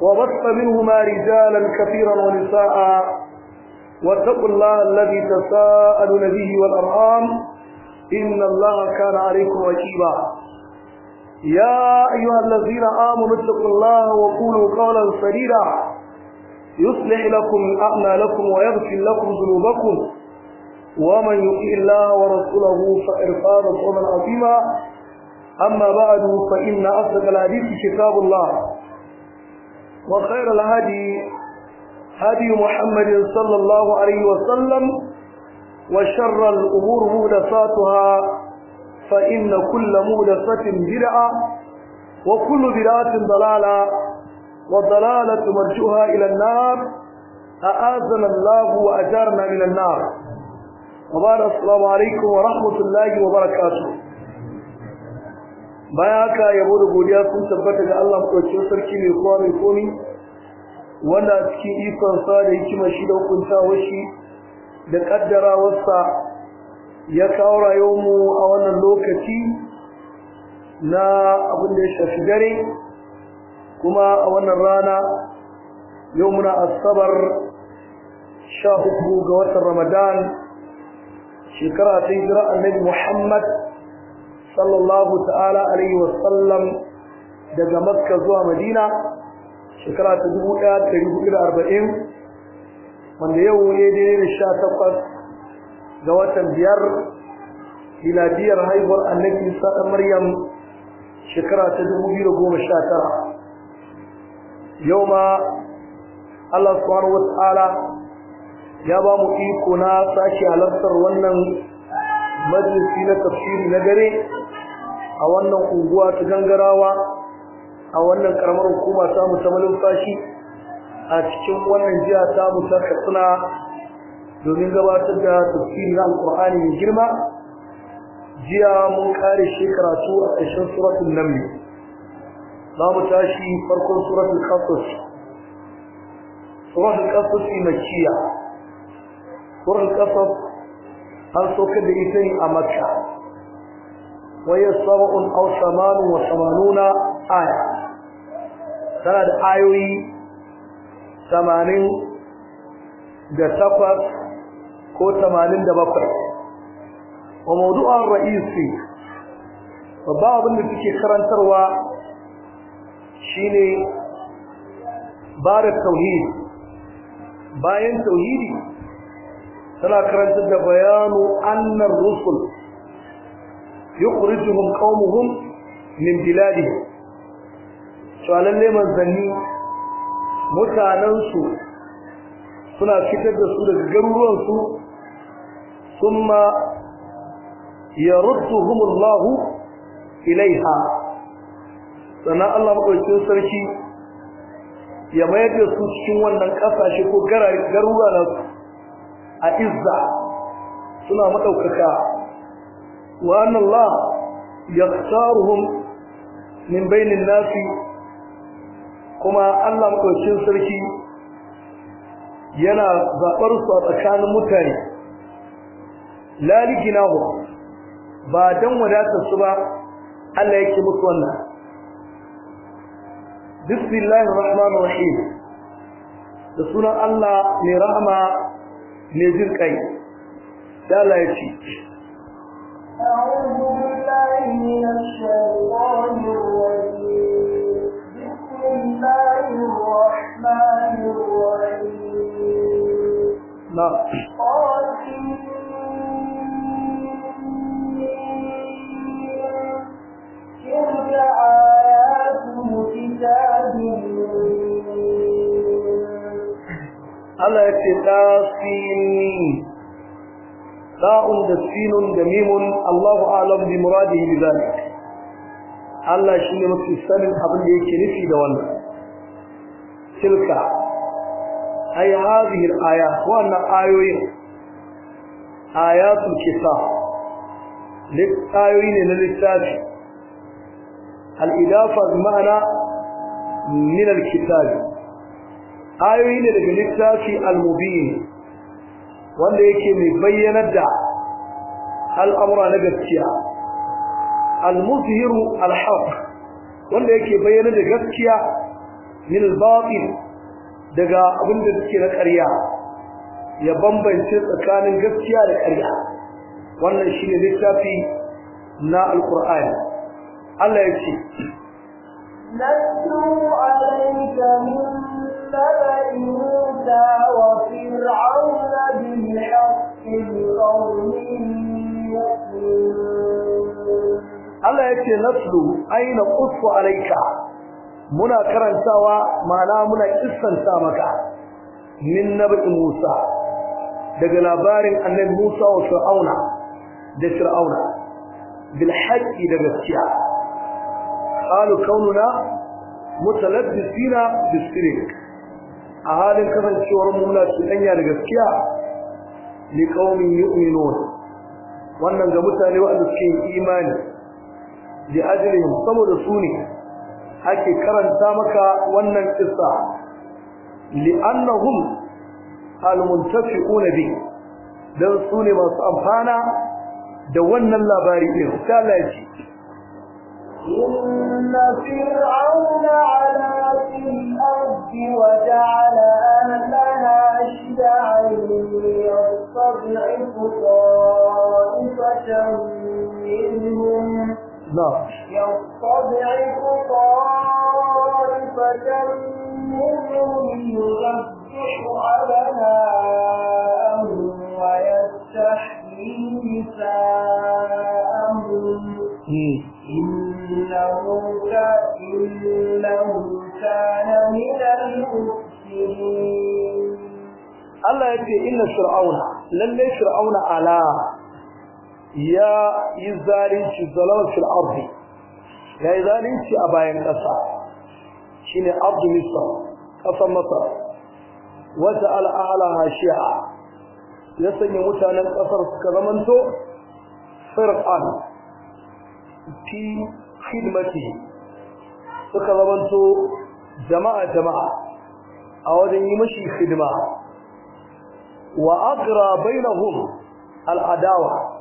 وبث منهما رجالا كثيرا ونساء واتقوا الله الذي تساءل به والأرحام إن الله كان عليكم وجيبا يا أيها الذين آمنوا اتقوا الله وقولوا قولا سديدا يصلح لكم أعمالكم ويغفر لكم ذنوبكم ومن يطع الله ورسوله فقد فاز فوزا عظيما أما بعد فإن أصدق الحديث كتاب الله وخير الهدي هدي محمد صلى الله عليه وسلم وشر الأمور مهدساتها فإن كل مهدسة بدعة وكل بدعة ضلالة والضلالة مرجوها إلى النار أآذنا الله وأجارنا من النار وبارك السلام عليكم ورحمة الله وبركاته baya haka yabo da godiya sun tabbata ga Allah madaukakin sarki mai kowa mai komi wanda cikin ikon sa da hikimar shi da hukuntawa shi da kaddarawarsa ya kawo rayuwarmu a wannan lokaci na abin da ya shafi dare kuma a wannan rana yau muna asabar sha uku ga watan ramadan shekara ta hijira annabi muhammad sallallahu ta'ala alaihi wasallam daga makka zuwa madina shekara ta 1440 wanda yau ne da ne sha takwas ga watan biyar miladiyar haihuwar annabi isa ɗan maryam shekara ta 2019 yau ma Allah subhanahu wa ta'ala ya ba mu iko na sake halartar wannan majalisi na tafsiri na dare a wannan unguwa ta gangarawa a wannan karamar hukuma ta mu ta malumfashi a cikin wannan jiya ta mu ta katsina domin gabatar da tafsiri na alƙur'ani mai girma jiya mun kare shekaratu su a ƙarshen suratul naml za mu tashi farkon suratul qasas suratul qasas makkiya suratul qasas an saukar da ita ne a makka wayar sabon al-samanu wa samanuna tana da ayoyi 88 ko 87 wa mawdu'an ra'isi babban abin da suke karantarwa shine bada tauhid bayan tauhidi tana karantar da bayanu annar rusul yukhrijuhum qaumuhum min biladihim to lalle manzanni mutanen su suna fitar da su daga garuruwan su thumma yarudduhum Allah ilaiha sannan Allah madaukakin sarki ya mayar da su cikin wannan kasashe ko garuruwa na su a izza suna madaukaka وأن الله يختارهم من بين الناس كما الله مكوشين سركي ينا ذاقرصة أكان متاني لا لجناه بعدم ودات الصباح الله يكبت وانا بسم الله الرحمن الرحيم لسنا الله لرحمة لجل قيد قال يا شيخ Allah ya ce, "Ta fi ni, داء دسين جميم الله أعلم بمراده بذلك الله شيء مكتسب قبل ذلك نفي دون تلك أي هذه الآية هو أن آيوي آيات الكفاء للآيوين للإستاذ الإضافة بمعنى من الكتاب آيوين للإستاذ المبين wanda yake mai bayyanar da al'amura na gaskiya al-muzhiru al-haq wanda yake bayyanar da gaskiya min al-batil daga abin da suke na ƙarya ya bambance tsakanin gaskiya da ƙarya wannan shine littafi na al-Qur'ani Allah ya ce نتلو عليك من نبأ موسى وفي yace naslu aina qussu alayka muna karantawa ma'ana muna kissanta maka min nabi Musa daga labarin annabi Musa wa Fir'auna da Fir'auna bil haqqi da gaskiya qalu kaununa mutalabbisina bisirik a halin kasancewar mu muna cuɗanya da gaskiya li qaumin yu'minun wannan ga mutane waɗanda suke imani لأجلهم صلوا رسولك أكي كرن سامك ونن إصاع لأنهم المنتفقون به لرسول ما سأبهانا دونا الله بارئه تعالى يجي إن فرعون على في الأرض وجعل أهلها شدعا يستضعف طائفة منهم نعم يستضعف طائفة منهم يذبح أبناءهم ويستحيي نساءهم إنه إنه كان من المفسدين الله يقول إن فرعون لن فرعون على يا يزارين في الظلام في الأرض لا يزارين في أباين نسع شين أرض مصر أصل مصر وسأل أعلى هاشيعة لسن يموت أن الأسر كذمنته فرقا في خدمته فكذمنته جماعة جماعة أود أن يمشي خدمة وأقرى بينهم العداوة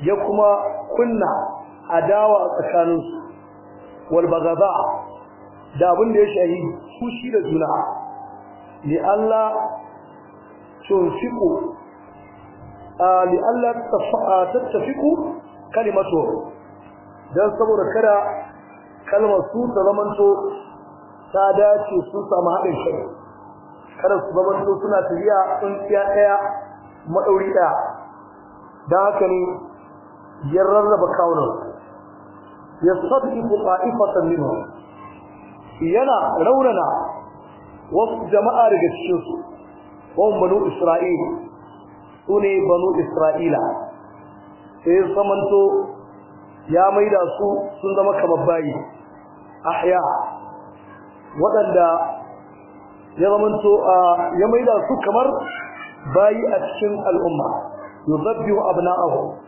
ya kuma kunna adawa tsakanin su wal bagaza da abin da ya shahi kushi da juna li Allah tunfiqu li Allah tattafiqu kalimatu dan saboda kada kalmar su ta zamanto ta dace su samu haɗin shi kada su zamanto suna tafiya tsuntsiya ɗaya maɗauri ɗaya da haka ne ya rarraba kawunan ya sadiku ta'ifatan minhum yana raunana wasu jama'a daga cikin su wan banu isra'il sune banu isra'ila sai samanto ya maida su sun zama kamar bayi ahya waɗanda ya zamanto ya maida su kamar bayi a cikin al'umma yuzabbihu abna'ahu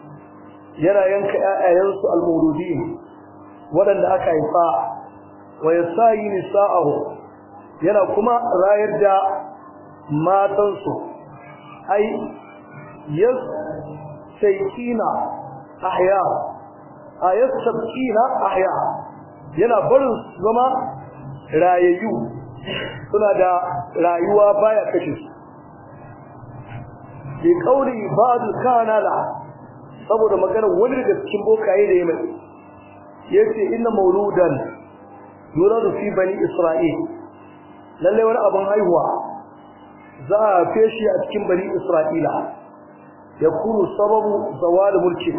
yana yanka ƴaƴayensu al mawludi waɗanda aka haifa wa yasayi nisa'ahu yana kuma rayar da matansu ai yas saykina ahya ayat ahya yana barin zama rayayyu suna da rayuwa baya kashe su bi kauli ba'd kana la saboda magana wani daga cikin bokaye da ya mai yace inna mauludan yuradu fi bani isra'il lalle wani abin haihuwa za a feshi a cikin bani isra'ila ya kuru sababu da mulki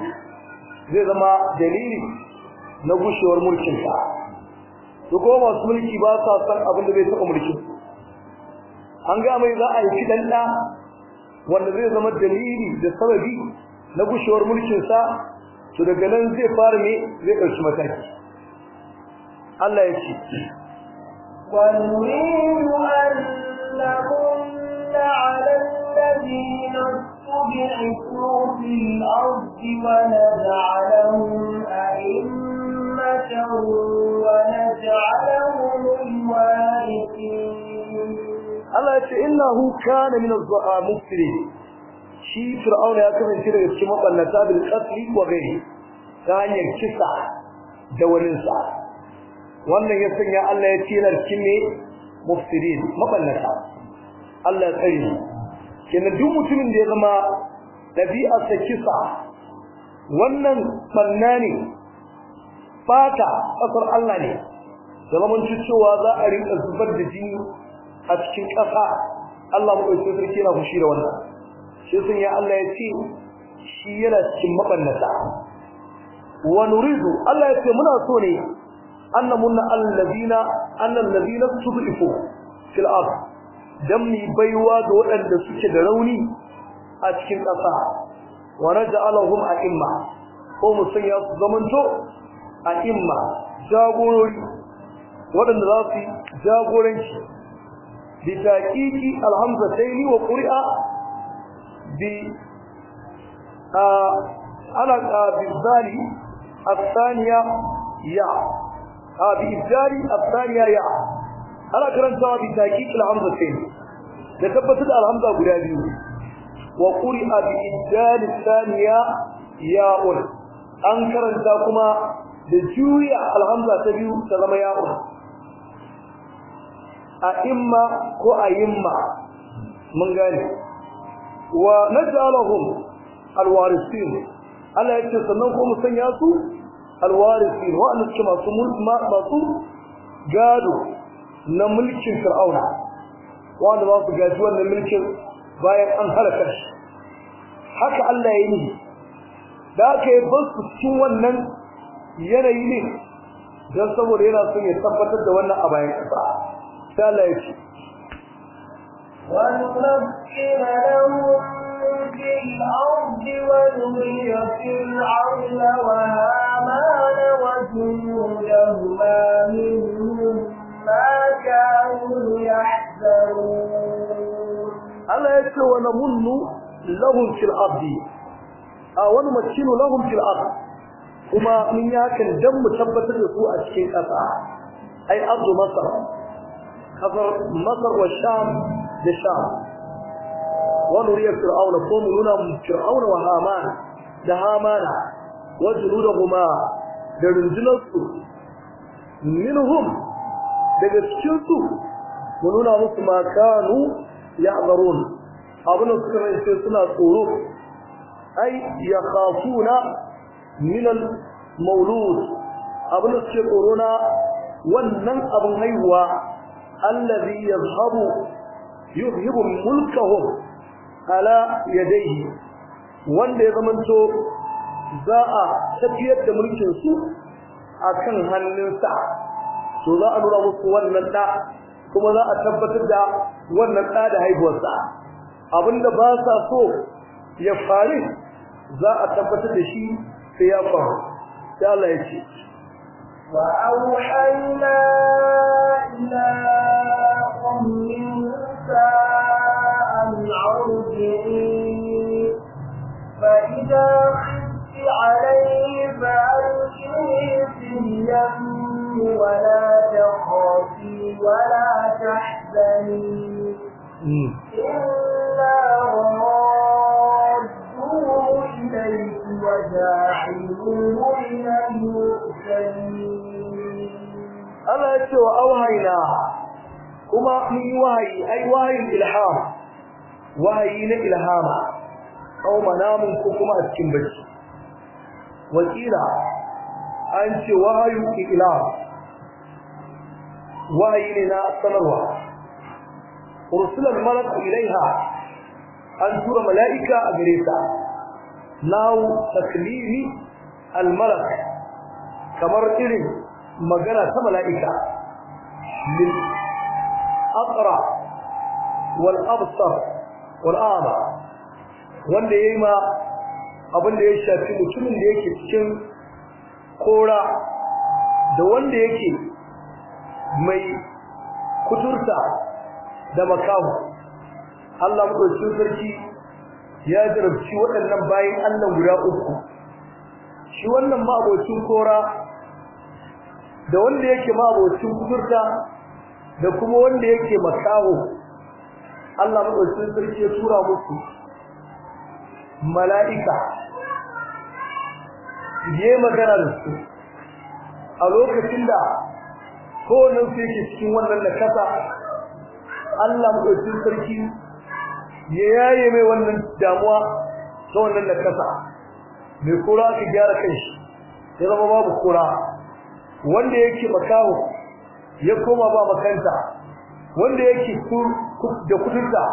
zai zama dalili na gushewar mulkin sa to ko masu mulki ba sa san abin da bai taɓa mulki an ga mai za a yi kidan da wanda zai zama dalili da sababi na gushewar mulkinsa to daga nan zai fara ne zai ɗauki mataki Allah ya ce وَنُرِيدُ أَن نَّمُنَّ عَلَى الَّذِينَ استضعفوا في الأرض ونجعلهم أئمة ونجعلهم الوارثين الله يقول إنه كان من المفسدين shi fir'auna ya kasance daga cikin maballata bil qatl wa ghairi ta hanyar kisa da wani sa wannan ya sanya Allah ya tilarci ne mufsidin maballata Allah ya tsare duk mutumin da ya zama dabi'a ta kisa wannan bannani ne fata kasar Allah ne zaman cewa za a rinka zubar da jini a cikin ƙasa Allah mu ɗauki sarki na fushi da wannan shi sun ya Allah ya ce shi yana cikin mabannata wa nuridu Allah ya ce muna so ne annamunna alladina annal ladina tud'ifu fil ard dan mi baiwa ga waɗanda suke da rauni a cikin ƙasa wa naj'aluhum a'imma ko mu sanya su zamanto a'imma jagorori waɗanda za su jagoranci bi taqiqi alhamzataini wa qur'a بإبدال الثانية يا بإبدال الثانية يا على كرن سوا بتحقيق الحمزة الثانية لتبت الحمزة قرابي وقرئ بإبدال الثانية يا ياء أنكر أكما لجوية الحمزة تبيه تغم يا ياء أئمة وأئمة من قاله wa naj'alahum alwarisin Allah yake sannan ko mu sanya su alwarisin wa an ce masu mulki masu gado na mulkin fir'auna wanda ba su na mulkin bayan an halaka shi haka Allah ya yi da aka yi ba su cikin wannan yanayi ne don saboda yana son ya tabbatar da wannan a bayan ƙasa sai Allah ya ce ونمكن لهم في الأرض ونري فرعون وهامان وجنودهما منهم ما كانوا يحذرون ألا يكفي ونمن لهم في الأرض آه، ونمكن لهم في الأرض kuma mun ياك dan mu tabbatar da su a cikin ƙasa ai مصر masar kasar masar wa sham لشام ونريد فرعون فرعون فرعون وهامان دهامان وجنودهما درنجلس منهم درسكت ونونا مثما كانوا يعذرون أبنى سكرنا قروف أي يخافون من المولود أبنى سكرنا ونن أبنى هو الذي يذهب yuhyibu mulkahum ala yadayhi wanda ya zamanto za a tafiyar da mulkin su akan hannunsa to za a nuna musu wannan da kuma za a tabbatar da wannan da da haihuwarsa abinda ba sa so ya faru za a tabbatar da shi sai ya faru sai Allah ya ce wa auhayna ila الكافرين فإذا خفت عليه فألقيه في ولا تخافي ولا تحزني إنا رادوه إليك وجاعلوه من المرسلين الله يسوى أوهينا kuma mun yi wahayi ai wahayin ilham wahayi na ilhama aw manamun ko kuma a cikin bacci wakila an ce wahayu ilah wahayi ne na sanarwa ursulal malak ilaiha an tura mala'ika a gare ta law taklimi al malak kamar irin magana ta mala'ika lil aqra wal absar qur'ana wanda yayi ma abin da ya shafi mutumin da yake cikin kora da wanda yake mai kudurta da makamu Allah shi sarki ya jarabci waɗannan bayan Allah guda uku shi wannan mabocin kora da wanda yake mabocin kudurta da kuma wanda yake makaho Allah madaukakin sarki ya tura musu mala'ika je magana da su a lokacin da kowanne su yake cikin wannan da kasa, Allah madaukakin sarki ya yaye mai wannan damuwa ta wannan da kasa, mai kura ka gyara kai ya zama babu kura wanda yake makaho ya koma ba makanta wanda yake kur da kudinta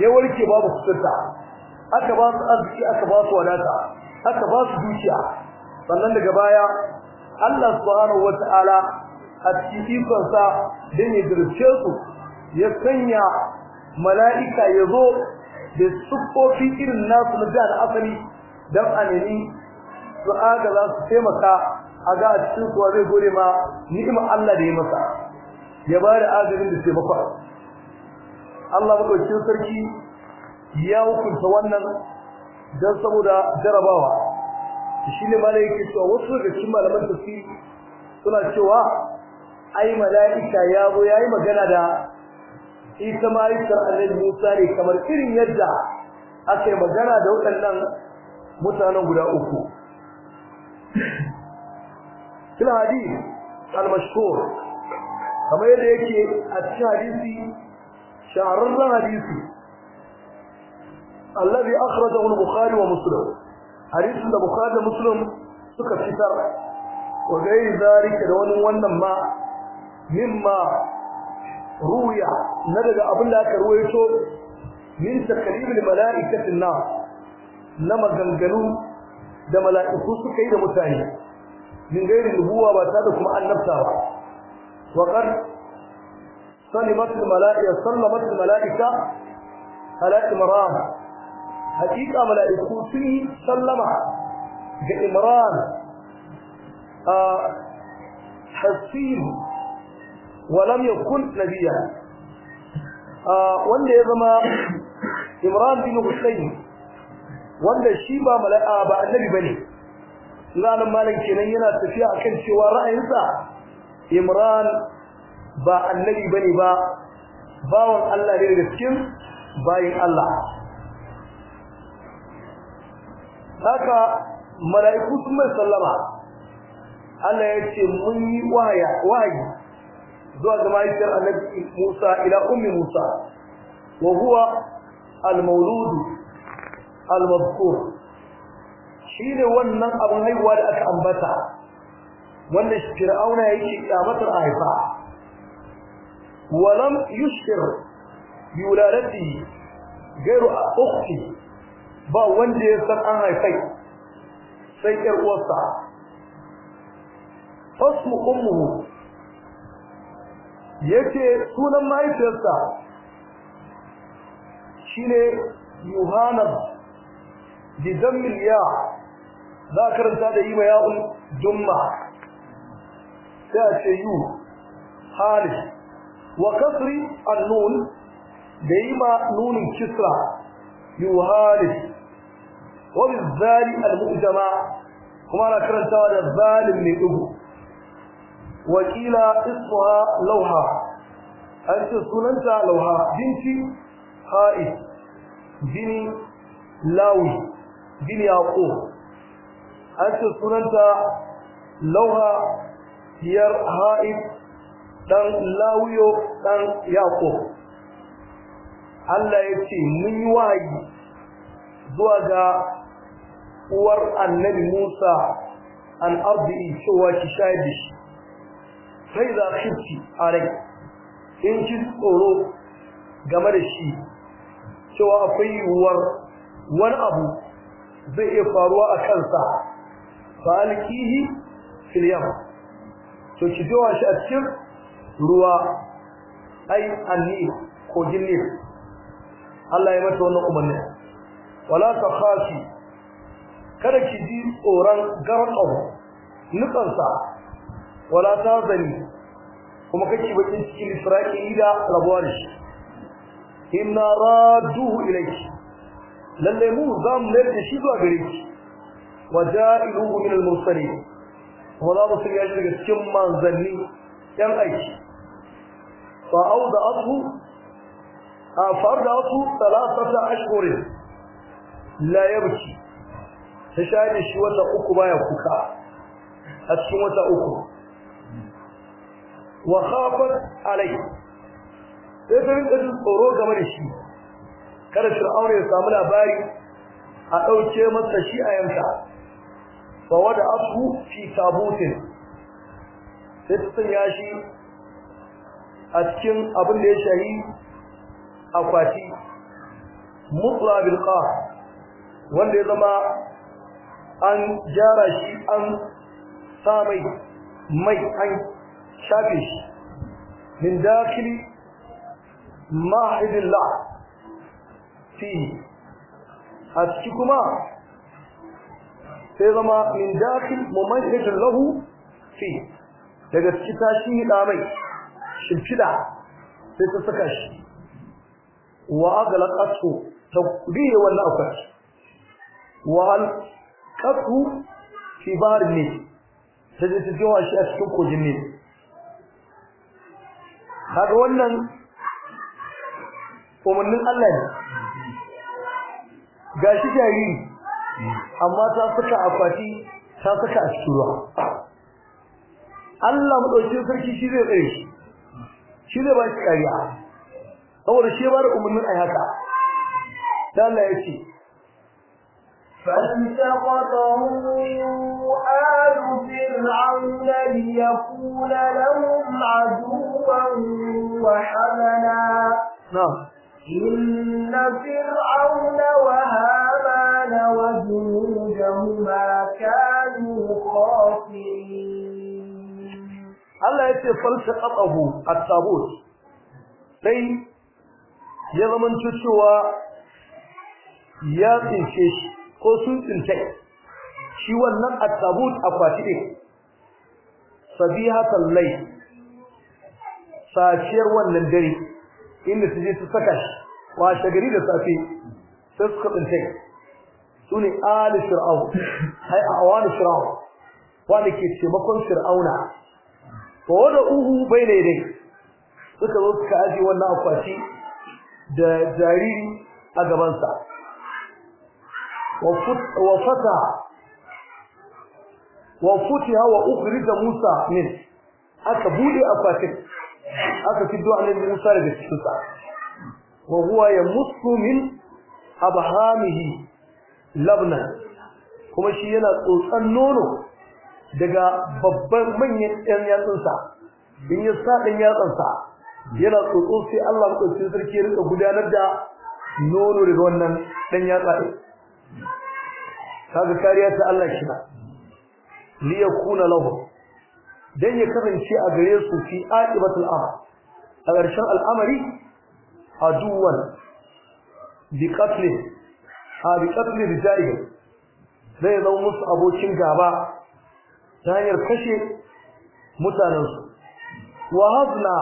ya warke babu kudinta aka ba su arziki aka ba su wadata aka ba su dukiya sannan daga baya Allah subhanahu wataala a cikin ikonsa da ya dirce su ya sanya mala'ika ya zo da sukofi irin nasu na jihar asali don a nemi su aga za su taimaka a ga a cikin kuwa zai gode ma ni'imar Allah da ya masa ya ba da agajin da taimakon Allah madaukakin sarki ya hukunta wannan dan saboda jarabawa shine malaiki cewa wasu daga cikin malaman tafsiri suna cewa ai malaika ya zo yayi magana da ita malikar Allah Musa ne kamar irin yadda aka yi magana da waɗannan mutanen guda uku kila hadisi al-mashhur kamar yadda yake a cikin hadisi shahararren hadisi alladhi akhrajahu al-bukhari wa muslim hadisin da bukhari da muslim suka fitar wa gai zalika da wani wannan ma mimma ruya na daga abin da aka ruwaito min takalimin mala'ikatin na na maganganu da mala'iku suka yi da mutane min gairi nubuwa ba ta da kuma annabta ba wa qad صلمت الملائكة صلمت الملائكة على إمران حقيقة ملائكة سني سلم بإمران آه حسين ولم يكن نبيا آه وانده يظم إمران بن حسين wanda shi ملائكة mala'a النبي بني bane ranan malam kenan yana tafiya akan cewa ba annabi bane ba bawon Allah ne ga cikin bayin Allah haka mala'iku sun sallama Allah ya ce mun yi wahayi zuwa ga mahaifiyar annabi Musa ila ummi Musa wa huwa al-mawlud al Shi ne wannan abin haihuwa da aka ambata wanda Fir'auna yake kyamatar a haifa ولم يشعر gairu a أختي ba wanda ya san an haifai sai ƴar uwarsa fasmu Ya ce sunan mahaifiyarsa shine Yohana bi dammil ya za karanta da yi ya'ul dumma sai a ce yu halih وكسر النون ديما نون كسرى يوهالي وبالذال المؤجمة كما أنا كرنت الذال من أبو وكيل اسمها لوها أنت سننت لوها بنتي خائف بني لاوي بن يعقوب أنت سننت لوها هي هائف Ɗan lauyo ɗan yaƙo Allah ya ce mun yi wahayi zuwa ga uwar annabi Musa an arziki cewa shi shayar da shi sai za ki a rai in ji tsoro game da shi cewa akwai yiwuwar wani abu zai iya faruwa a kansa fa alkihi fil yam to ki jawa shi a cikin ruwa ai anni ko jinni Allah ya mata wannan umarni wala ta khafi kada ki ji tsoron garqahu nukansa wala ta zani. kuma kake bakin cikin isra'ili da shi inna raduhu ilayki lalle mu zam ne shi zuwa gare ki waja'iluhu min al-mursalin wala musul ya cikin manzanni yan aiki فأوضعته آه، فأوضعته ثلاثة أشهر لا يبكي تشاهد الشوة أكو بايا كوكا الشوة أكو وخافت عليه إذن إذن أروج من الشيء كان الشرعون يستعمل أباري أدوكي مصر شيئا يمشي فوضعته في تابوت ياشي a cikin abin da ya shahi akwati mutla bil wanda ya zama an jara shi an sa mai mai an shafe shi min dakili ma'idillah fihi a ciki kuma sai zama min dakil mumanhajin lahu fi daga ciki ta shi mai shimfida sai ta saka shi wa ta kudiye wannan akwai wa al qatu fi bahr ne sai ta jiwa shi a cikin kogin ne kaga wannan umarnin Allah ne gashi jari amma ta saka akwati ta saka a cikin ruwa Allah mu dauke sarki shi zai tsare shi shi zai ba shi kariya saboda shi ba da umarnin ai haka dan Allah ya آل فرعون ليكون لهم عدوا وحمنا نعم إن فرعون وهامان وجنودهما كانوا خاطئين Allah ya falta falsaqahu at-tabut sai ya zaman cewa ya tsince shi ko sun tsince shi wannan at-tabut akwati ne sabiha sallai safiyar wannan dare inda su je su saka shi wa shagari da safi sai suka tsince sune ali fir'aun ai awan fir'aun wanda ke taimakon fir'auna fa uhu uhu ne dai suka zo suka aji wannan akwati da jariri a gabansa. sa wa fata wa hawa Musa min aka bude akwatin aka fiddo ne Musa daga cikin sa wa huwa yamussu min abahamihi labna kuma shi yana tsotsan nono daga babban manyan ɗan yatsunsa in ya sa ɗan yatsunsa yana tsotso sai Allah maɗauki sarki ya rika gudanar da nono daga wannan ɗan yatsa ɗin kaga kariya ta Allah shi na kuna lahu dan ya kasance a gare su fi aqibatul amr a ƙarshen al'amari aduwan bi qatli a bi qatli rijali zai zama musu abokin gaba ta hanyar kashe mutanensu wa hazna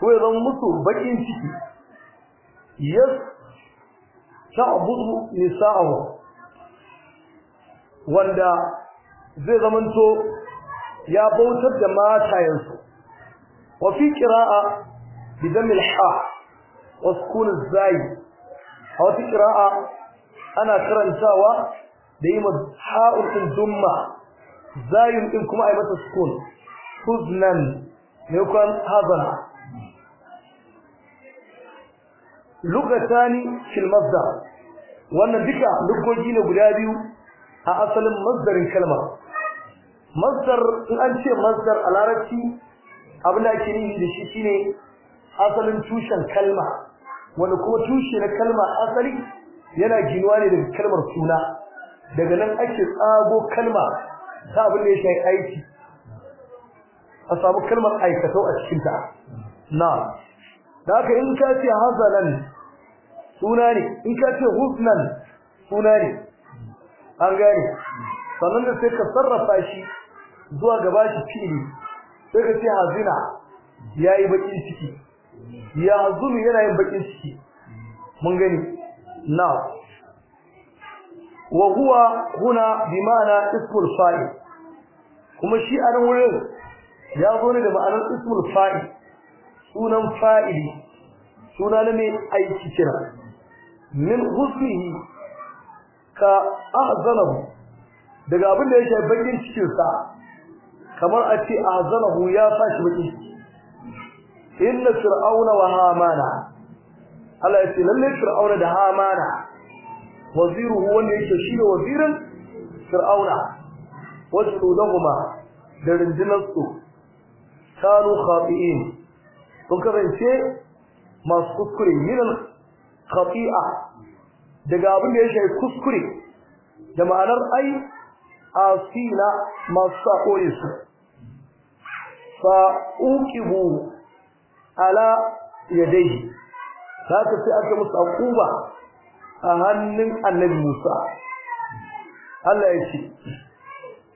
ko ya zama musu bakin ciki yas ta'budu nisa'ahu wanda zai zamanto ya bautar da matayensu wa fi ƙira'a, bidam al-ha wa sukun zai a wata ƙira'a, ana karantawa da yi ma ha'ul dumma Zayin din kuma ai mata sukun huznan ne kuma hazana lugatani fil masdar wannan duka lugogi ne guda biyu a asalin masdarin kalmar. masdar in an ce masdar a larabci abin da ake nufi da shi shine asalin tushen kalma wanda kuma tushe na kalma asali yana ginuwa ne daga kalmar suna daga nan ake tsago kalma ta abin da ya shafi aiki a samu kalmar aikatau a cikin ta na da haka in ka ce hazanan suna ne in ka ce husnan suna ne an gane sannan da sai ka sarrafa shi zuwa gaba shi fili sai ka ce hazina ya yi bakin ciki ya zumi yana yin bakin ciki mun gani na wa huwa huna bi ma'ana ismul fa'il kuma shi a nan wurin ya zo ne da ma'anar ismul fa'il sunan fa'ili suna ne mai aiki kira min husnihi ka ahzanahu daga abin da yake bakin cikin sa kamar a ce ahzanahu ya shi bakin inna fir'auna wa hamana Allah ya ce lalle fir'auna da hamana waziru wanda yake shine wazirin fir'auna wasu lahuma da rindinarsu kanu khati'in sun kasance masu kuskure minal khati'a daga abin da ya shafi kuskure da ma'anar ai asila masu sakore su fa uqibu ala yadayhi haka sai aka musu akuba a hannun annabi Musa Allah ya ce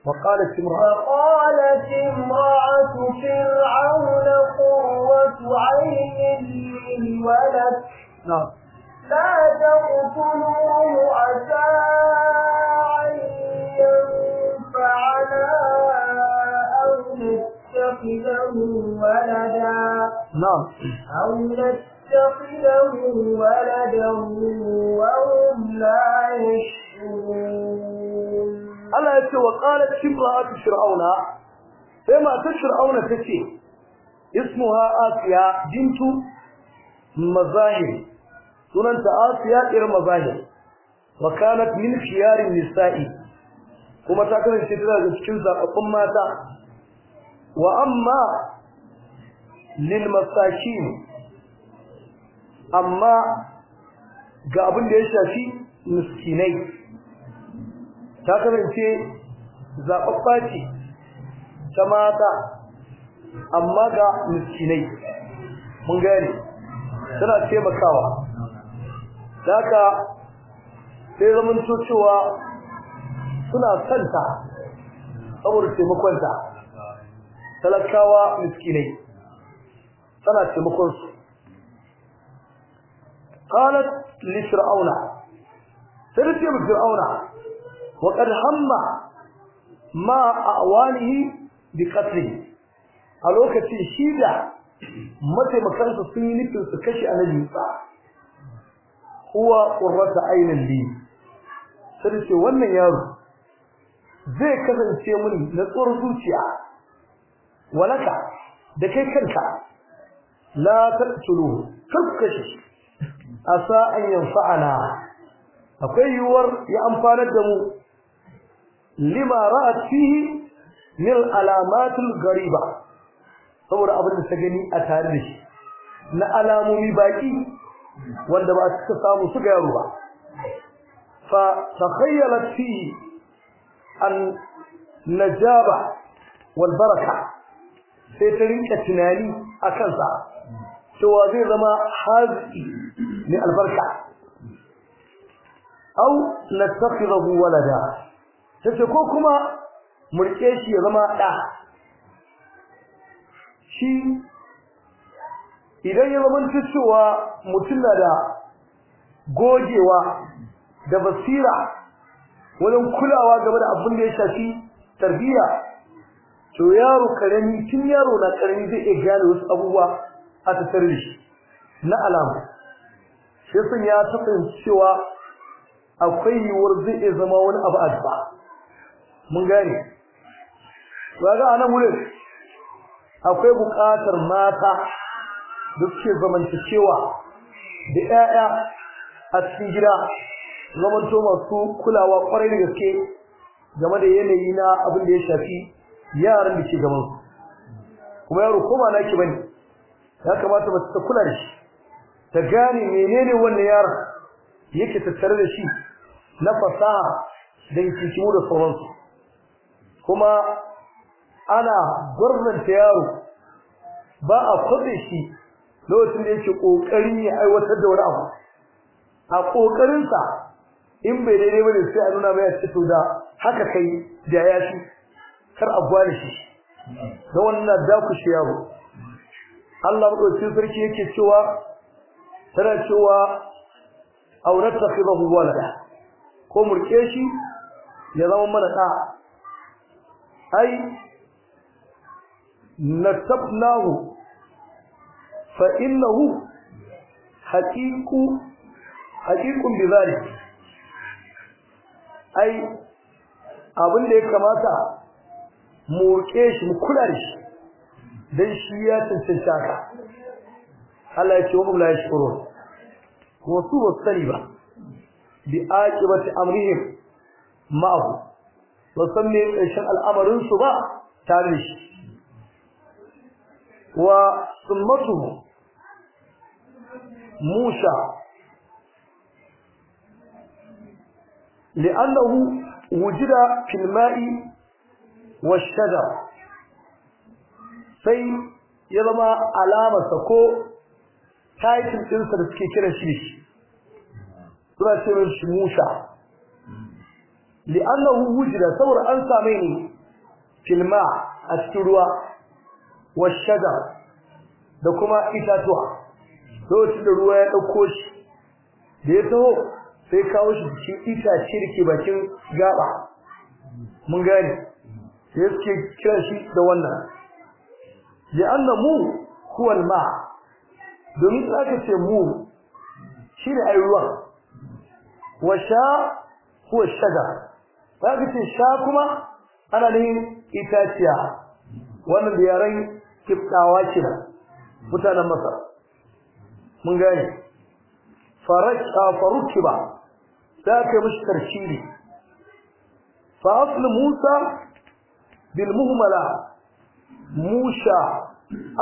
وقالت امرأة وقالت امرأة فرعون قوة عين للولد نعم لا تقتلوه عسى أن ينفعنا أو نتخذه ولدا نعم أو نتخذه يتخذه ولدا وهم لا يشعرون الله يقول وقالت امرأة فرعون فيما تشرعون تتي اسمها آسيا بنت مزاحم سننت آسيا إر مزاحم وكانت من خيار النساء kuma ta kasance tana da cikin zaɓaɓɓun mata wa amma lil masakin amma ga abin da ya shafi miskinai ta kasance zaɓaɓɓa ce ta mata amma ga miskinai mun gane tana taimakawa da haka sai zamanto cewa suna santa saboda taimakonta talakawa miskinai tana taimakonsu قالت لفرعون يوم فرعون وقد هم ما أعوانه بقتله ألوكة الشيدة متى مكان تصيني نفسه سكشي انا جنسا هو قرة عين لي فرسي وانا يارو زي كذا نسيمني نصور زوجيا ولك دكي كنك لا تقتلوه تفكشي asa an yanfa'ana akwai yuwar ya amfanar da mu lima ra'at fihi min alamatul gariba saboda abin da ta gani a tare da shi na alamomi baki wanda ba su samu su ga yaro ba fa takhayyalat fihi an najaba wal baraka sai ta rinka tunani a kansa cewa zai zama haziki mai albarka au natakhidahu walada tace ko kuma murke shi ya zama da shi idan ya zama cewa mutum na da gogewa da basira wajen kulawa game da abin da ya shafi tarbiyya to yaro karami tun yaro na ƙarami zai iya gane wasu abubuwa a tattare na alama ya sun ya tafin cewa akwai yiwuwar zai iya zama wani abu ba mun gane ba ga anan wurin akwai buƙatar mata duk ke cewa da 'ya'ya a cikin gida to masu kulawa kwarai da gaske game da yanayi na abin da ya shafi yaran da ke gaban kuma yaro ko ba naki bane ya kamata mace ta kula da shi ta gane menene wannan yaron yake tattare da shi na fasaha da yake da sauransu kuma ana gwarzanta yaro ba a kwabe shi lokacin da yake ƙoƙarin ya aiwatar da wani abu a ƙoƙarinsa, in bai daidai bane sai a nuna mai fito da haka kai da ya shi, kar a gwani shi da wannan da ku shi yaro Allah madaukakin sarki yake cewa tana cewa aw da ko murke shi ya zama mana da ai na fa innahu haqiqu haqiqun ai abin da ya kamata mu shi mu kula shi dan shi ya tantance haka Allah ya ce wa la yashkurun wasu ba su sani ba bi aqibati amrihim ma'ahu ba san me ƙarshen al'amarin su ba tare da shi wa summatuhu Musa لأنه وجد Filma'i wa والشجر sai ya zama alamarsa ko title ɗinsa da suke kiran shi suna ce min shi musha li'annahu da saboda an same ni filma a cikin ruwa wa shaga da kuma itatuwa lokacin da ruwa ya ɗauko shi da ya taho sai kawo shi cikin itace da bakin gaba mun gane sai suke kiran shi da wannan li'anna mu ma domin ka ce mu shi ne wa sha huwa shajar ba sha kuma ana ne itaciya wannan da yaren kiftawa ce da mutanen masar mun gane faruki ba za ka yi ne fa asli musa bil muhmala musha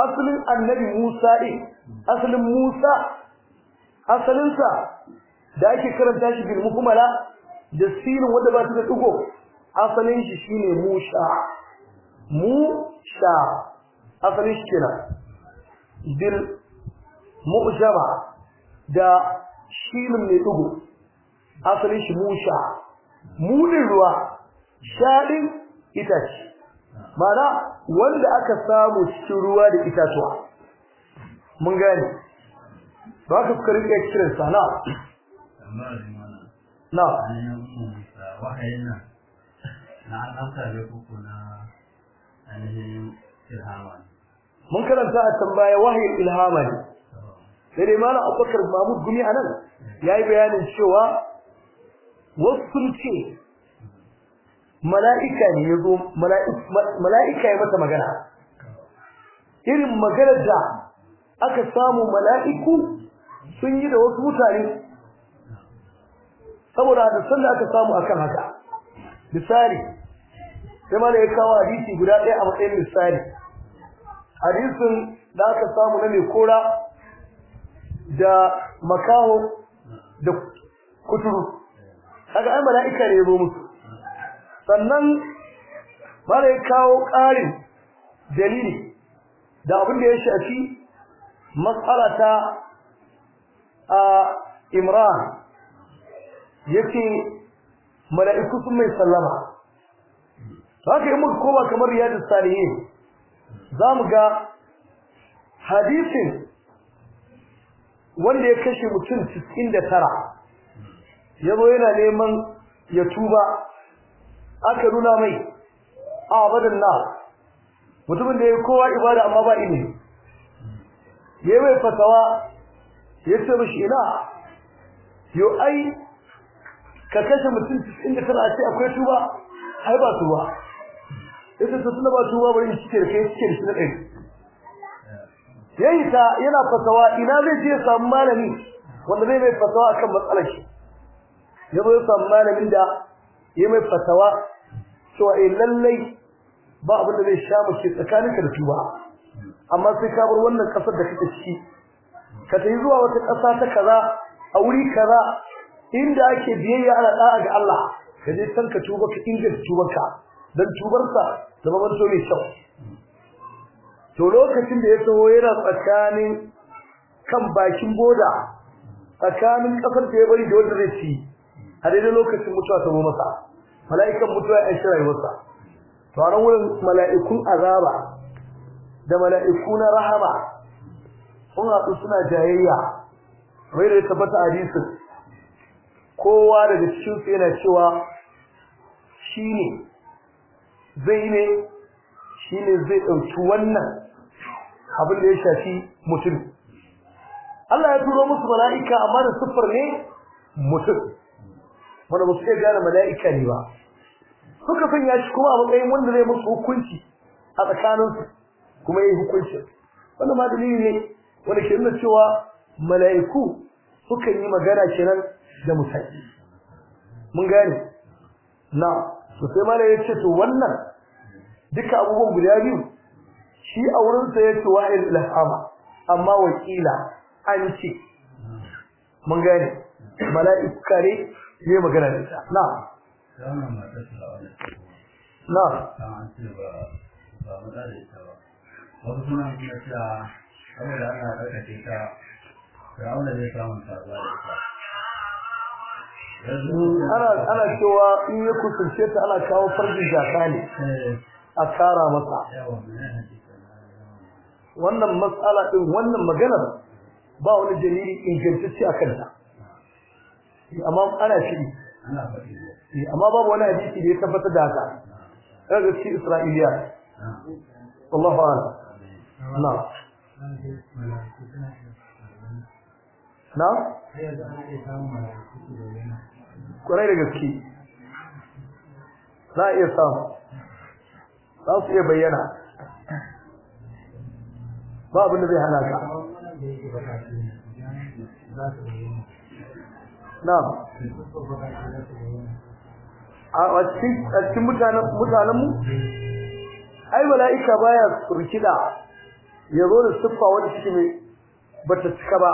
asalin annabi musa ɗin asalin musa asalinsa da ake karanta shi bil mukmala da silin wanda ba ta da dugo asalin shi shine musha Musa, asalin shi kenan bil mu'jama da shirin ne dugo asalin shi musha mudin ruwa shaɗin itace mana wanda aka samu cikin ruwa da itatuwa mun gane ba ka fuka rike kiran sana'a. mun karanta a tambaya wahayin ilhama ne sai dai malam abubakar mahmud gumi a nan ya yi bayanin cewa wasu ce mala'ika ne ya zo mala'ika ya mata magana irin maganar da aka samu mala'iku sun yi da wasu mutane saboda da sunna aka samu akan haka misali sai ma ya kawo hadisi guda ɗaya a matsayin misali hadisin da aka samu na mai kora da makaho da kuturu kaga ai mala'ika ne ya zo musu sannan mara ya kawo ƙarin dalili da abin da ya shafi matsala ta a imran yace mala'iku sun mai sallama haka yi muka koma kamar riyadus Za mu ga hadisin wanda ya kashe mutum 99 yazo yana neman ya tuba aka nuna mai A abadan na mutumin da ya kowa ibada amma ba ilimi yayi mai fatawa yace mishi ina yo ai ka kashe mutum cikin inda kana ce akwai tuba ai ba tuba idan su tuna ba tuba bari su cike kai cike su da yayi ta yana fatawa ina zai je samu malami wanda zai mai fatawa akan matsalar shi ya zo samu malamin da ya mai fatawa cewa eh lallai ba abin da zai sha mu tsakanin ka da tuba amma sai ka bar wannan kasar da kake ciki ka tafi zuwa wata kasa ta kaza a wuri kaza inda ake biyayya ana da'a ga Allah ka je san ka tuba ka inganta tubarka dan tubarsa da babar so mai kyau to lokacin da ya taho yana tsakanin kan bakin boda tsakanin kafar da ya bari da wanda zai ci a daidai lokacin mutuwa ta zo masa mala'ikan mutuwa ya shi masa to a wurin mala'ikun azaba da mala'iku na rahama sun haɗu suna jayayya wai da ya tabbata a hadisin kowa daga cikin su yana cewa ne zai ne ne zai ɗauki wannan abin da ya shafi mutum Allah ya turo musu mala'ika amma da siffar ne mutum wanda musu iya gane mala'ika ne ba suka sanya yashi kuma a matsayin wanda zai musu hukunci a tsakaninsu kuma ya yi hukuncin wanda ma dalili ne wanda ke nuna cewa mala'iku sukan yi magana kenan da musaki mun gane na to sai malai yace to wannan duka abubuwan guda biyu shi a wurin sa yace wa'il lahama amma wakila an ce mun gane mala'ika ne ne magana da ita na na ba mu da ita ba wasu suna cewa saboda ana ita ta Fir'auna zai samu sabuwa da ita ana ana cewa in ya kusurce ta ana kawo farji jaka ne a tsara masa wannan matsala din wannan maganar ba wani dalili ingantacce a kanta amma ana shiri amma babu wani hadisi da ya tabbata da haka kaga shi Isra'iliya Allahu a'lam na na kwarai da gaske za a iya samu za su iya bayyana ba abin da zai hana ka na a cikin mutanenmu ai mala'ika baya rikida ya zo da siffa wadda take mai bata cika ba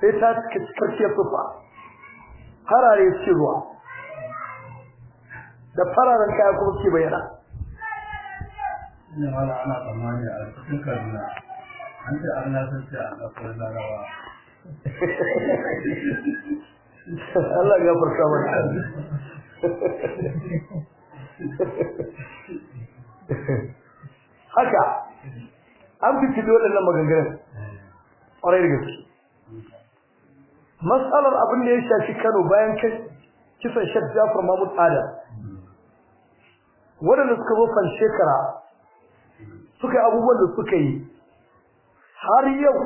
sai ta cikin karfiyar siffa farare suke ruwa da fararen kaya kuma suke bayyana ina ana tsammani a cikin an ce an Allah ya farka mana haka an fi waɗannan maganganun ƙwarai da gaske matsalar abin da ya shafi Kano bayan kai kisan Sheikh Jafar Mahmud Adam waɗanda suka zo kan shekara suka yi abubuwan da suka yi har yau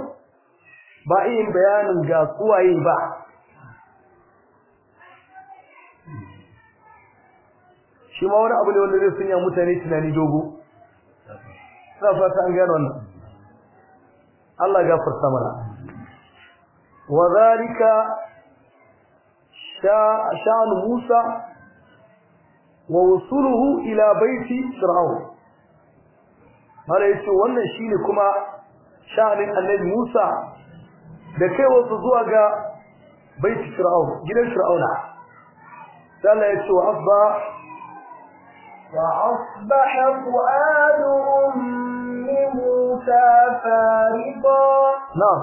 ba yin bayanin ga kuwaye ba shi ma wani abu ne wanda zai sanya mutane tunani dogo suna fata an gane wannan Allah gafarta mana وذلك شان موسى ووصوله إلى بيت فرعون هذا يسوى أن الشيء شان النبي موسى لكي إلى بيت فرعون جل فرعون قال يسوى أصبح وأصبح فؤاد أم موسى فارقا نعم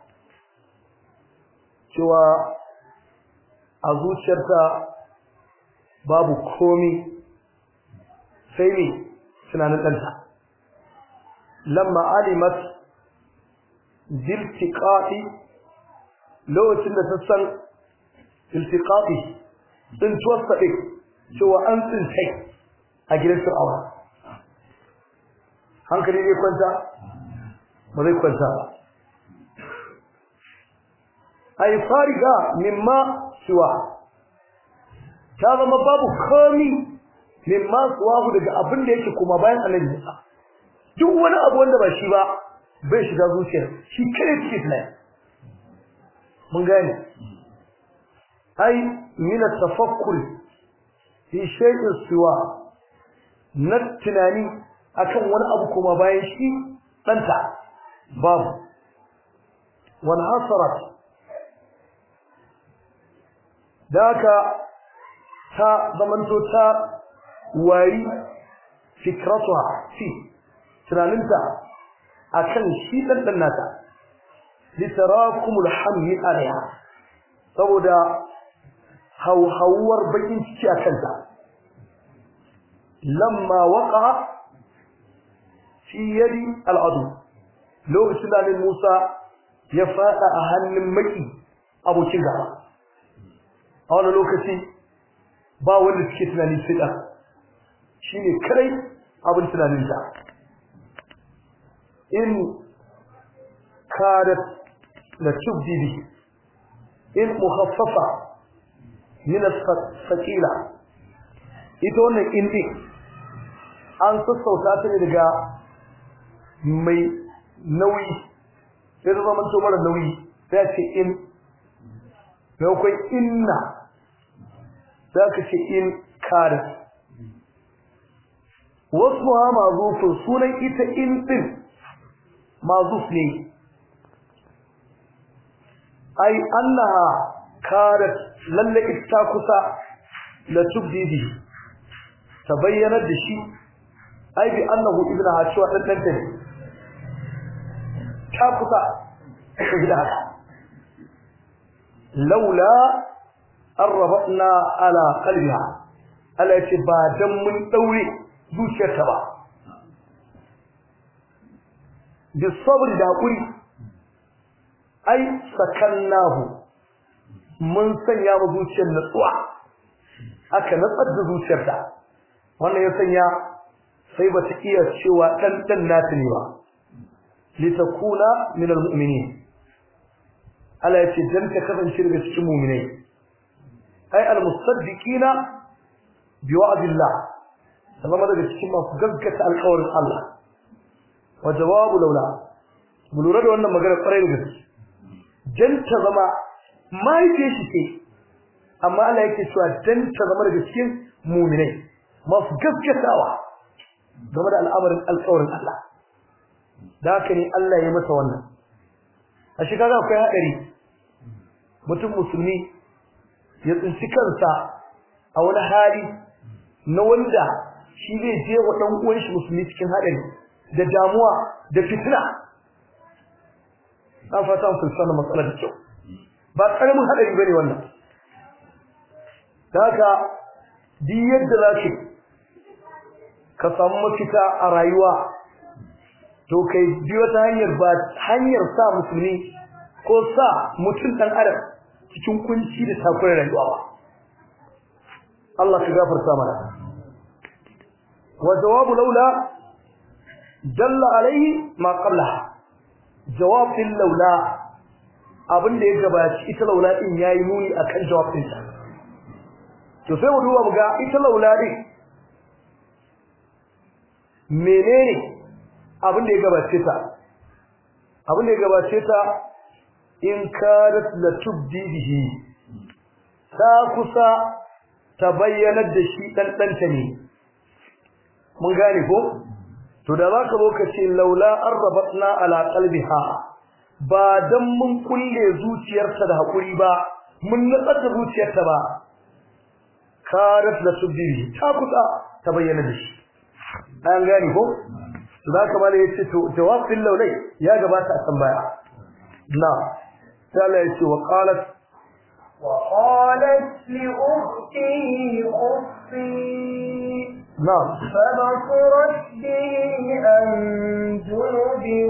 cewa a zuciyarsa babu komi sai ne tunanin ɗanta lamma alimat diltiƙaɗi lokacin da ta san diltiƙaɗi tsintuwarsa ɗin cewa an tsintai a gidan fir'awa hankali zai kwanta ba zai kwanta ba ay fariga mimma suwa ta zama babu komi mimma siwa daga abin da yake kuma bayan annabi duk wani abu wanda ba shi ba bai shiga zuciyar shi kare cikin nan mun gane ai min tafakkur fi shay'in siwa na tunani akan wani abu kuma bayan shi danta babu wal hasarat ذاك تا ضمنت تا واري فكرتها فيه تنالنتها أكن شيئا للناس لتراكم الحمل عليها saboda hauhawar bakin ciki a kanta lamma waka fi yadi al'adu lokacin da Musa ya fada a hannun maki abokin gaba a wani lokaci ba wanda suke tunanin fiɗa shi ne kadai abin ta in kadat na cuk bi in muhaffafa min as ita wannan in an sassauta ta ne daga mai nauyi sai zama mun mara nauyi sai ce in sai akwai inna za ka ce in kara wasu ha mazufin sunan ita in ɗin mazuf ne ai Allah karat lalle ita kusa la tubdidi ta bayyanar da shi ai bi annahu ibnaha cewa dan ta kusa ta gida haka laula الربطنا على قلبها ألا تبا دم الدور ذو شكبا بالصبر داقل أي سكناه من سنيا ذو شن نطوع أكن نطد ذو شبا وانا يسنيا سيبا تكيا شوى تنتنا تنوا لتكون من المؤمنين ألا يتجنك كذا شرق الشمو منين أي المصدقين بوعد الله لما ماذا يسمى فقدك القول الله وجواب لولا من رد أن ما قال قرين بس جنت ما ما يجيش شيء أما لا يجيش جنت ما ماذا يسمى مؤمنين ما فقدك سوا لما الأمر القول الله لكني الله يمسونا أشكرك يا أري متى مسلمين ya tsinci kansa a wani hali na wanda shi zai je wa ɗan uwan shi musulmi cikin haɗari da damuwa da fitina na fata mun san matsalar da kyau ba karamin ba bane wannan haka duk yadda ke ka samu mafita a rayuwa to kai bi wata hanyar ba hanyar sa musulmi ko sa mutum ɗan adam cikin kunci da takurar rayuwa ba Allah ka gafarta mana wa jawabu laula dalla alaihi ma qablaha jawabin laula abin da ya gabaci ita laula din yayi muni akan jawabin ta to sai mu duba mu ga ita laula din menene abin da ya gabace ta abin da ya gabace ta in kadat la tubdi bihi ta kusa ta bayyana da shi dan ta ne mun gane ko to da zaka zo ka ce laula arrabatna ala qalbiha ba dan mun kulle zuciyarta da hakuri ba mun natsar da zuciyarta ba kadat la tubdi bihi ta kusa ta bayyana da shi an gane ko To zaka mala yace to jawabin laulai ya gabata a san baya na ثلاث وقالت وقالت لأختي أخي نعم فبصرت به عن جنب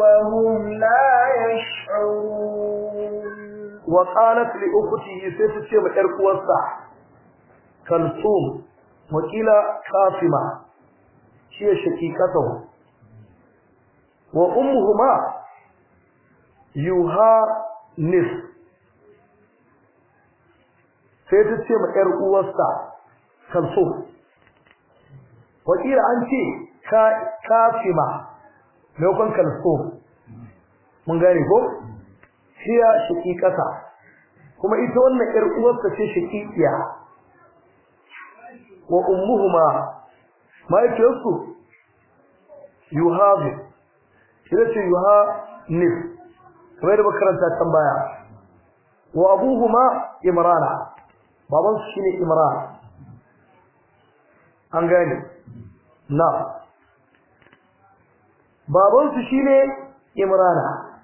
وهم لا يشعرون وقالت لأخته ستتشم إرقوة وصح كالصوم وكيل قاسمة هي شقيقته وأمهما يوها nis sai ta ce ma ƴar uwarsa kalso wakila an ce ka kafima maimakon kalso mun gane ko shiya ƙasa. kuma ita wannan ƴar uwarsa ce iya wa ummuhuma mahaifiyarsu yuhabu shi ce yuha nis kuma da makaranta can baya wa ma, imrana baban su shine imran an gane na baban su shine imrana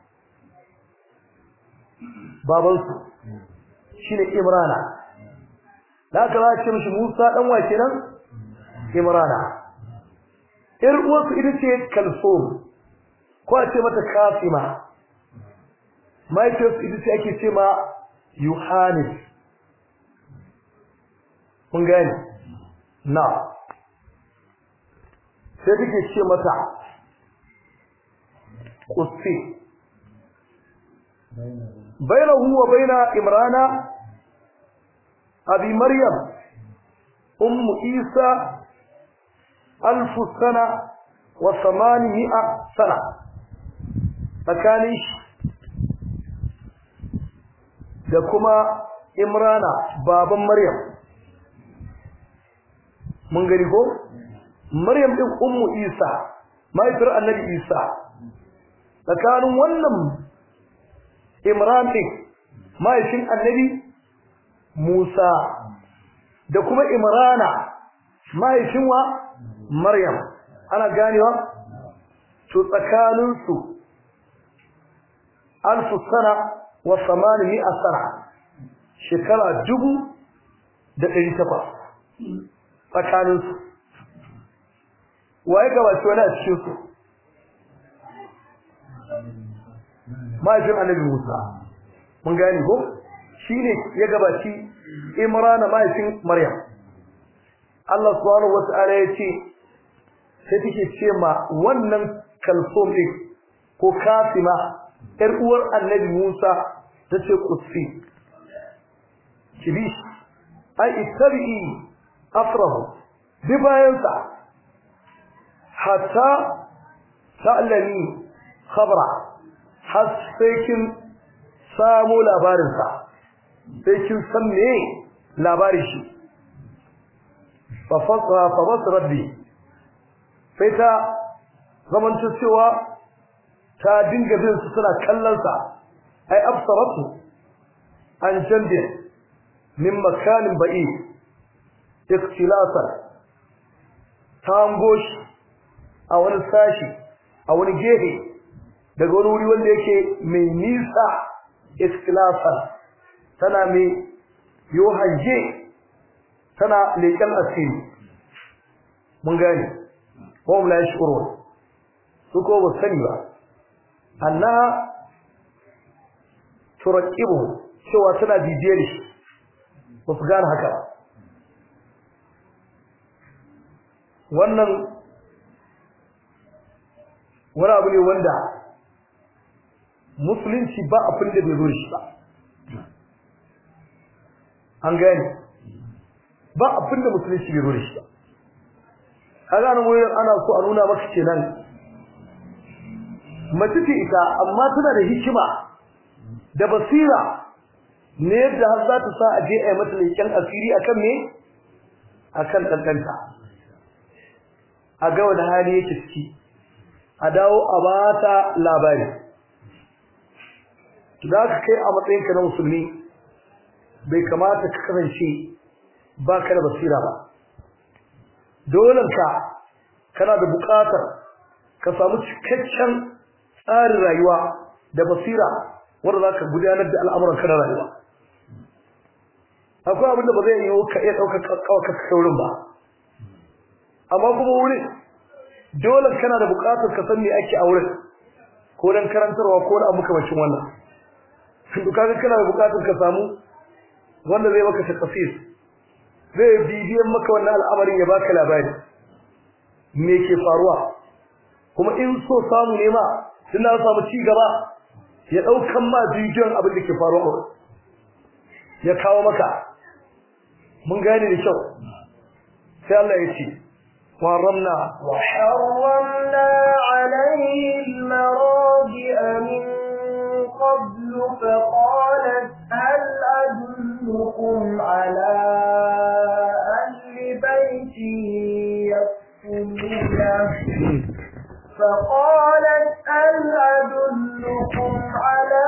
baban su shine imrana da aka za ce mishi musa dan wa kenan imrana ir uwarsu ita ce kalsum ko a ce mata kafima Michael ce ake ce ma Yohanis kun gani? na sai kake ce mata qutsi Baina wa baina imrana abi maryam أم إيسى ألف سنة وثمانمائة سنة فكانش da kuma Imrana baban Maryam mun gari ko Maryam din ummu Isa mahaifiyar Annabi Isa tsakanin wannan Imran din mahaifin Annabi Musa da kuma Imrana mahaifin wa Maryam ana ganewa to tsakaninsu alfu sana wa samani a sana shekara dubu da ɗari takwas tsakaninsu waye gabaci wani a cikinsu mahaifin annabi musa mun gani ko shi ne ya gabaci imrana mahaifin maryam Allah subhanahu wata'ala ya ce sai take ce ma wannan kalsom ko kafima yar uwar annabi Musa tace qutsi kibish ai ittabi'i afrahu bi bayansa hatta sa'alani khabra har sai kin samu labarinsa sai kin san me labarin shi fa fasra fa sai ta zamanta cewa ta dinga bin su suna kallon sa ai absaratu an jande min makanin ba'i ikhtilasan tango shi a wani sashi a wani gefe daga wani wuri wanda yake mai nisa ikhtilasan tana mai yohanje tana leƙen asiri mun gane ko mu shi yashurun su ko ba sani ba anna turaqibu cewa tana bibiyar shi ba su gane haka wannan wani abu ne wanda musulunci ba abin da bai zo shi ba an gane ba abin da musulunci bai zo shi ba kaga nan wurin ana so a nuna maka kenan mace ce ita amma tana da hikima da basira ne yadda har za ta sa a je a yi mata leken asiri akan me akan kankanta a ga wani hali yake ciki a dawo a ba ta labari da ka kai a matsayinka na musulmi bai kamata ka kasance ba ka da basira ba Dole ka, kana da buƙatar ka samu cikakken tsarin rayuwa da basira wanda za ka gudanar da al'amuran ka rayuwa akwai abin da ba zai yiwu ka iya ɗaukar kawakar saurin ba amma kuma wurin dole kana da buƙatar ka san me ake a wurin ko don karantarwa ko da abu kamacin wannan duk kaga kana da buƙatar ka samu wanda zai maka takfir zai bibiyan maka wannan al'amarin ya baka labari me ke faruwa kuma in so samu nema. tunda an samu ci gaba ya daukan ma bidiyon abin da ke faruwa ya kawo maka mun gane da kyau sai Allah ya ce وحرمنا وحرمنا عليه المراجع من قبل فقالت هل أدلكم على أهل بيتي يكفلونه فقالت هل أدلكم على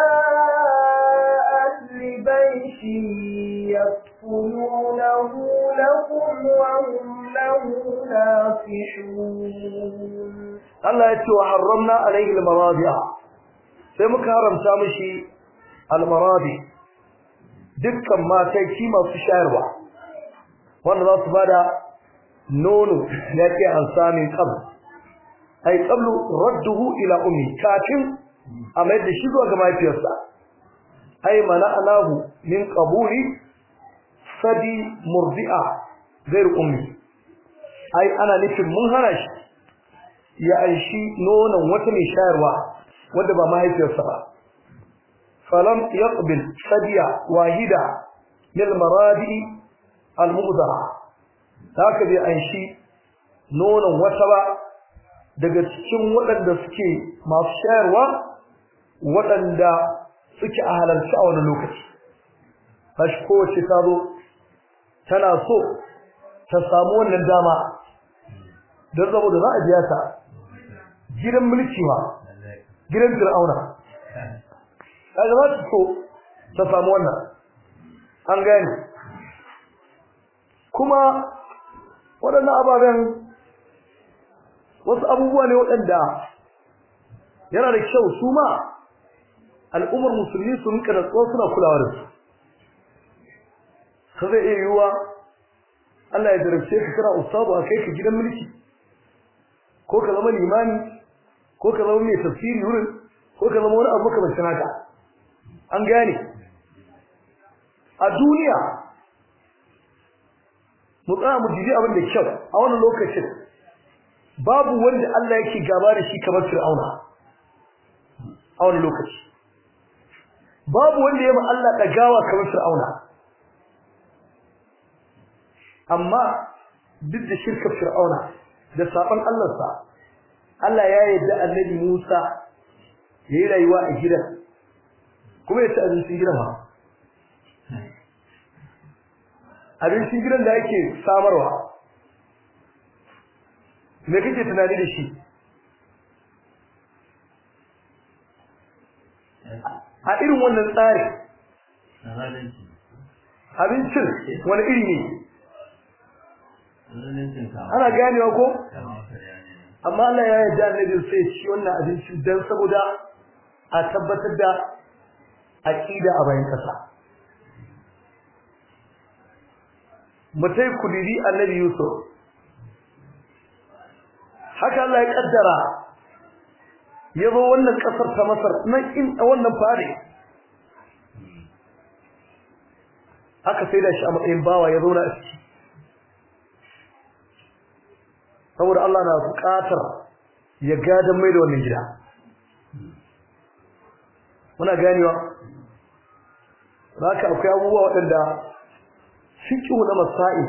أهل بيت يكفلونه لكم وهم له ناصحون الله يتوى حرمنا عليه المراضع sai muka haramta mishi almarabi dukkan mataki masu shayarwa wanda za su bada nono da ke an samin kabin ai qablu radduhu ila ummi kafin a mai da shi zuwa ga mahaifiyarsa ai mana'anahu min qabuli sadi murdi'a gairu ummi ai ana nufin mun hana shi ya aishi nonon wata mai shayarwa wanda ba mahaifiyarsa ba falam yaqbil sadiya wahida lil maradi al mu'dara haka bai aishi nonon wata ba daga cikin waɗanda suke masu shayarwa waɗanda suke a halarci a wani lokaci bashi kowace ta zo tana so ta samu wannan dama don da za a biya ta gidan mulki gidan fir'auna a za ta so ta samu wannan an gane kuma waɗannan ababen wasu abubuwa ne waɗanda yana da kyau su ma al'ummar musulmi su rinka da tsohon suna kulawa da su ka zai iya yiwuwa Allah ya jarabce ka kira ustabu a kai ka gidan mulki ko ka zama limani ko ka zama mai tafsiri wurin ko ka zama wani abu makamancin haka an gane a duniya mu tsaya mu jiji abin da kyau a wannan lokacin babu wanda Allah yake gaba da shi kamar Fir'auna a wani lokaci babu wanda ya ma Allah dagawa kamar Fir'auna amma duk da shirka Fir'auna da saban Allah sa Allah ya yarda Annabi Musa yayi rayuwa a gidan kuma ya ci abincin gidan ba abincin gidan da yake samarwa me kake tunani da shi a irin wannan tsari abincin wani iri ne ana ganewa ko amma Allah ya yarda annabi sai shi wannan abinci dan saboda a tabbatar da aqida a bayan kasa mutai kudiri annabi Yusuf haka Allah ya kaddara yabo wannan kasar ta Masar nan in wannan fare aka sai da shi a matsayin bawa ya zauna a ciki saboda Allah na bukatar ya gadan mai da wannan gida muna ganewa haka akwai abubuwa waɗanda fiqhu na masa'i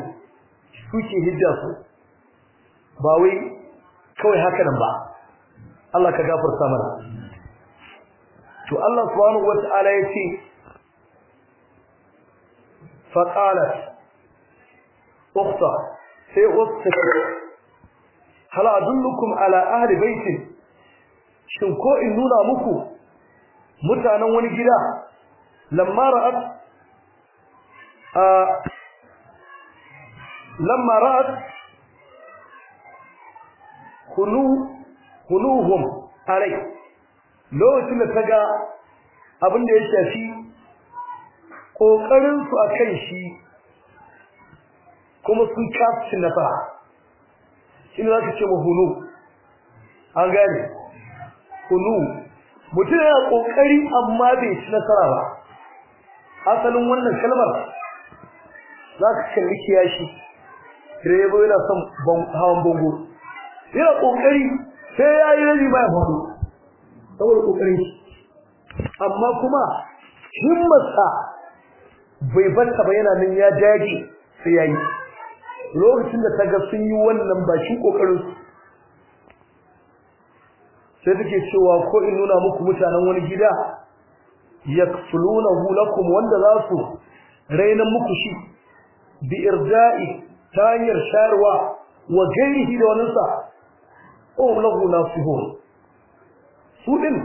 suke hijja su ba wai kawai haka nan ba Allah ka gafarta mana to Allah subhanahu wataala yace fa qalat ukhta sai ukhta hal adullukum ala ahli baiti shin ko in nuna muku mutanen wani gida lamma ra'at lamma ra'at hulu a rai, lokacin da kaga abin da ya shafi kokarin su akan shi kuma sun kafin nasara shine zaka ce ma hulu an gane hulu mutum yana kokari amma bai ci nasara ba asalin wannan kalmar zaka kalli kiyashi rebo yana son hawan bango yana kokari sai ya yi rabi ba ya faɗo saboda kokarin shi amma kuma himmarsa bai batta ba yana nan ya jage sai ya yi lokacin da ta ga sun yi wannan ba shi kokarin sai take cewa ko in nuna muku mutanen wani gida yakfulunahu lakum wanda za su rainan muku shi bi irda'i ta hanyar sharwa wa gairihi da waninsa أو له ناصحون سودن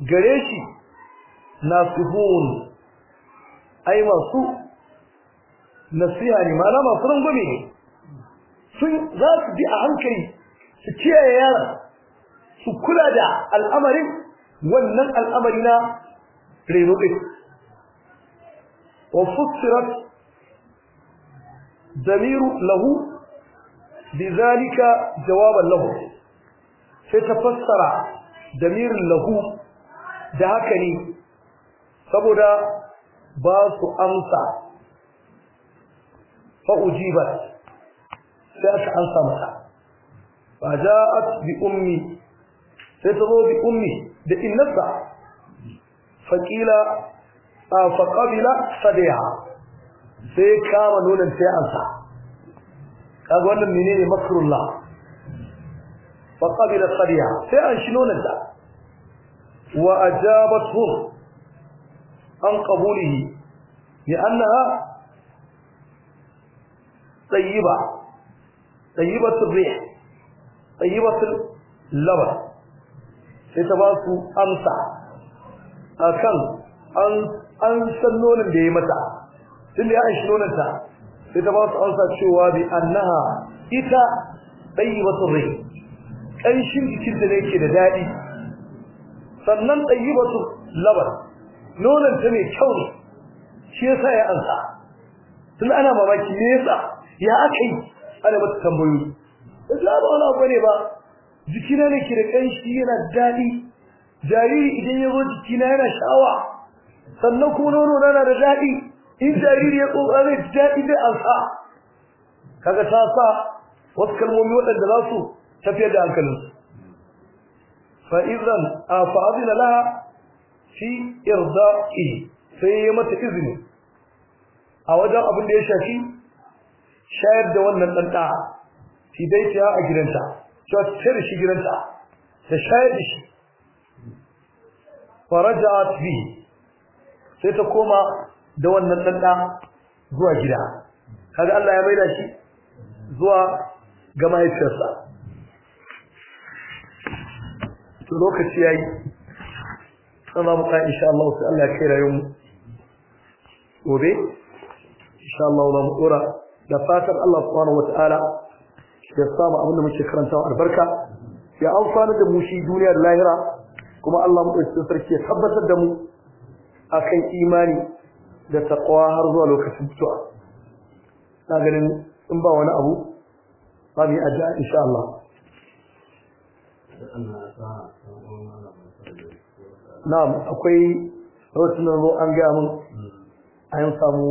جريشي ناصحون أي ما سو نصيحة يعني ما لا ما فرن قميه سن ذات بي أعنكري ستيا يارا سكلا دا الأمر ونن الأمرنا رينوك إيه. وفصرت ضمير له بذلك جوابا له فتفسر دمير له دهكني سبدا باس أمسى فأجيبت سأت أنسى مسا فجاءت بأمي فتضو بأمي بإن نسى فقيل آه، فقبل صديها سيكام نونا سيأنسى أقول من منين مكر الله فقبل الطبيعة فعن شنون الله وأجابته عن قبوله لأنها طيبة طيبة الريح طيبة اللبن فتباسوا أمسع أكن أن أن سنون بيمتع اللي عايش نون الزهر sai ta ba su ansa cewa bi annaha ita tayyibatul rai kanshin jikin da yake da dadi sannan tayyibatul labar nonon ta mai kyau ne shi yasa ya ansa tun ana mamaki me yasa ya aka yi ana mata tambayoyi islamu wani abu ne ba jikina ne ke da kanshi yana dadi jariri idan ya zo jikina yana sha'awa sannan kuma nono na da dadi in jariri ya tsotsa zai daɗi zai alsa kaga ta sa wasu kalmomi waɗanda za su tafiyar da hankalinsu fa'izan a fa'azina laha fi irda'i sai ya mata izini a wajen abin da ya shafi shayar da wannan ɗan ɗa dai daita a gidanta cewa ta shi gidanta ta shayar da shi faraja'at bi sai ta koma da wannan dan da zuwa gida kaga Allah ya maida shi zuwa ga mahaifiyarsa to lokaci yayi sana mu kai insha Allah sai Allah ya kira yau gobe insha Allah za mu dora da fatar Allah subhanahu wataala ya samu abin da muke karantawa albarka ya amfana da mu shi duniya da lahira kuma Allah mu dauki sarki ya tabbatar da mu akan imani da taqwa har zuwa lokacin fitowa na ganin in ba wani abu Ba mu yi a insha Allah na'am akwai rawatin nan an gaya mun an samu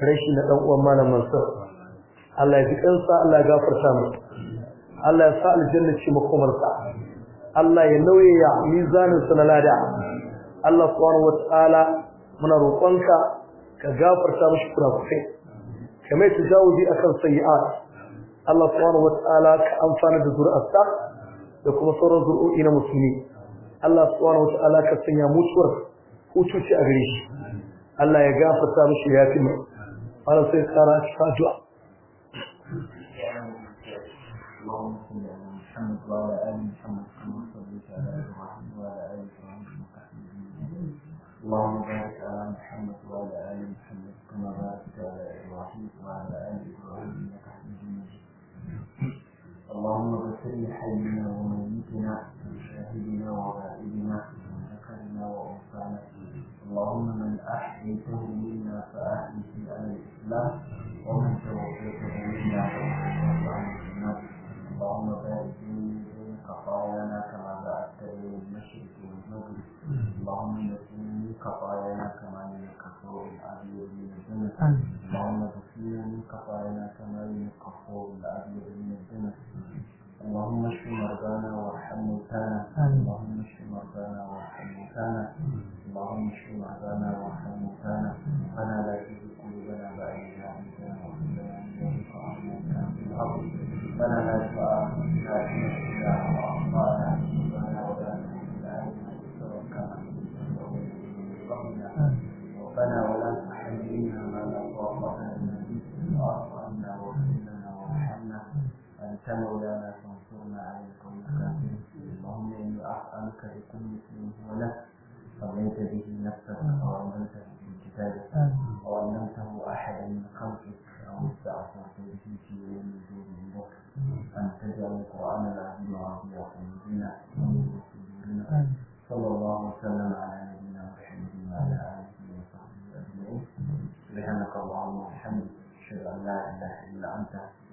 rashi na dan uwan malam Mansur Allah ya ji kansa Allah ya gafarta mu Allah ya sa aljanna ce sa Allah ya nauye ya mizanin sa na lada Allah subhanahu muna roƙonka ka gafarta mishi kurakurai ka mai tajawuzi akan sayi'at Allah subhanahu wata'ala ka amfana da zuri'arsa da kuma sauran zuri'o'i na musulmi Allah subhanahu wata'ala ka sanya mutuwar hutuci a gare shi Allah ya gafarta mishi ya fi mai Allah sai tsara a cikin addu'a اللهم صل على محمد وعلى ال محمد إبراهيم وعلى آل إبراهيم إنك حميد مجيد اللهم اغفر لحينا وميتنا وشاهدنا وغائبنا وذكرنا وأنثانا اللهم من أحييته منا فأحيه على الإسلام ومن توفيته منا فأحيه على الجنة اللهم بارك بين خطايانا كما بعدت إلى المشرق والمغرب اللهم نسلم خطايانا كما نكفر الأبيض والعافية من الدنيا اللهم اشف مرضانا وارحم موتانا اللهم اشف مرضانا وارحم موتانا اللهم اشف مرضانا وارحم موتانا ربنا لا تزغ قلوبنا بعد إذ هديتنا وهب لنا من لدنك رحمة إنك أنت الوهاب ربنا لا تؤاخذنا إن أسألك بكل اسم هو لك صليت به نفسك أو علمته في كتابك أو علمته أحدا من خلقك أو استأثرت به في يوم دون عندك أن تجعل القرآن العظيم ربيع قلوبنا ونور صدورنا صلى الله وسلم على نبينا محمد وعلى آله وصحبه أجمعين سبحانك اللهم وبحمدك أشهد أن لا إله إلا أنت